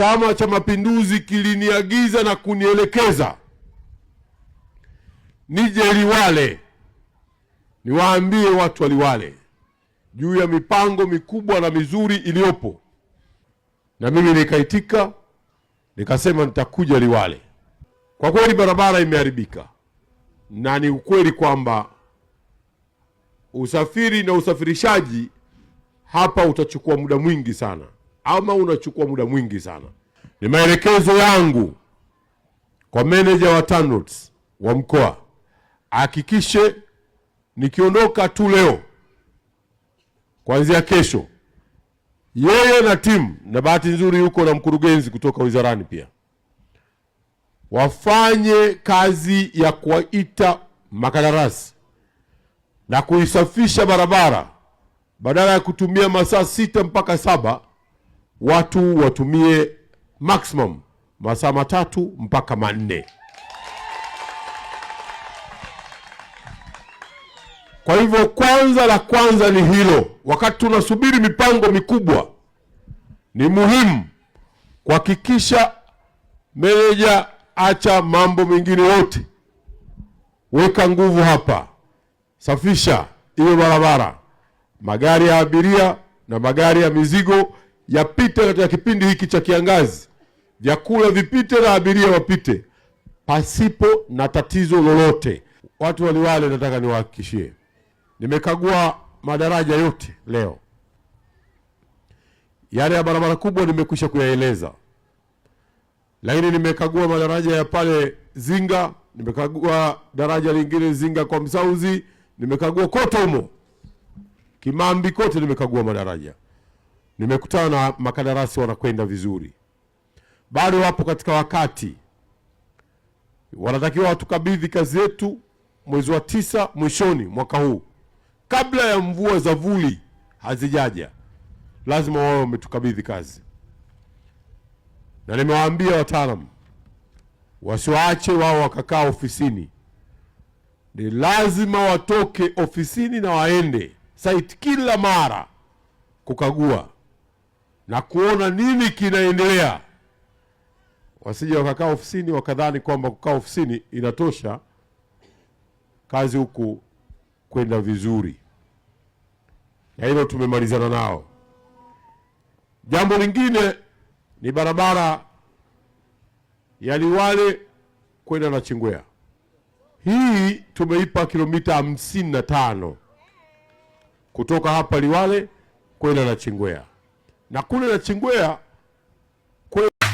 Chama cha Mapinduzi kiliniagiza na kunielekeza nije Liwale niwaambie watu wa Liwale juu ya mipango mikubwa na mizuri iliyopo, na mimi nikaitika nikasema nitakuja Liwale. Kwa kweli barabara imeharibika, na ni ukweli kwamba usafiri na usafirishaji hapa utachukua muda mwingi sana ama unachukua muda mwingi sana. Ni maelekezo yangu kwa meneja wa TANROADS wa mkoa, hakikishe nikiondoka tu leo, kuanzia kesho, yeye na timu, na bahati nzuri yuko na mkurugenzi kutoka wizarani pia, wafanye kazi ya kuwaita makandarasi na kuisafisha barabara badala ya kutumia masaa sita mpaka saba watu watumie maximum masaa matatu mpaka manne. Kwa hivyo, kwanza la kwanza ni hilo. Wakati tunasubiri mipango mikubwa, ni muhimu kuhakikisha meneja, acha mambo mengine yote, weka nguvu hapa, safisha hiyo barabara, magari ya abiria na magari ya mizigo yapite katika kipindi hiki cha kiangazi, vyakula vipite na abiria wapite pasipo na tatizo lolote. Watu waliwale, nataka niwahakikishie, nimekagua madaraja yote leo, yale ya barabara kubwa nimekwisha kuyaeleza, lakini nimekagua madaraja ya pale Zinga, nimekagua daraja lingine Zinga kwa Msauzi, nimekagua kote humo Kimambi, kote nimekagua madaraja. Nimekutana na makandarasi wanakwenda vizuri, bado wapo katika wakati, wanatakiwa watukabidhi kazi yetu mwezi wa tisa mwishoni mwaka huu, kabla ya mvua za vuli hazijaja, lazima wao wametukabidhi kazi, na nimewaambia wataalamu wasiwaache wao wakakaa ofisini. Ni lazima watoke ofisini na waende site kila mara kukagua na kuona nini kinaendelea, wasije wakakaa ofisini wakadhani kwamba kukaa ofisini inatosha kazi huku kwenda vizuri, na hilo tumemalizana nao. Jambo lingine ni barabara ya Liwale kwenda chingwea hii tumeipa kilomita hamsini na tano kutoka hapa Liwale kwenda na chingwea na kule chingwea kwe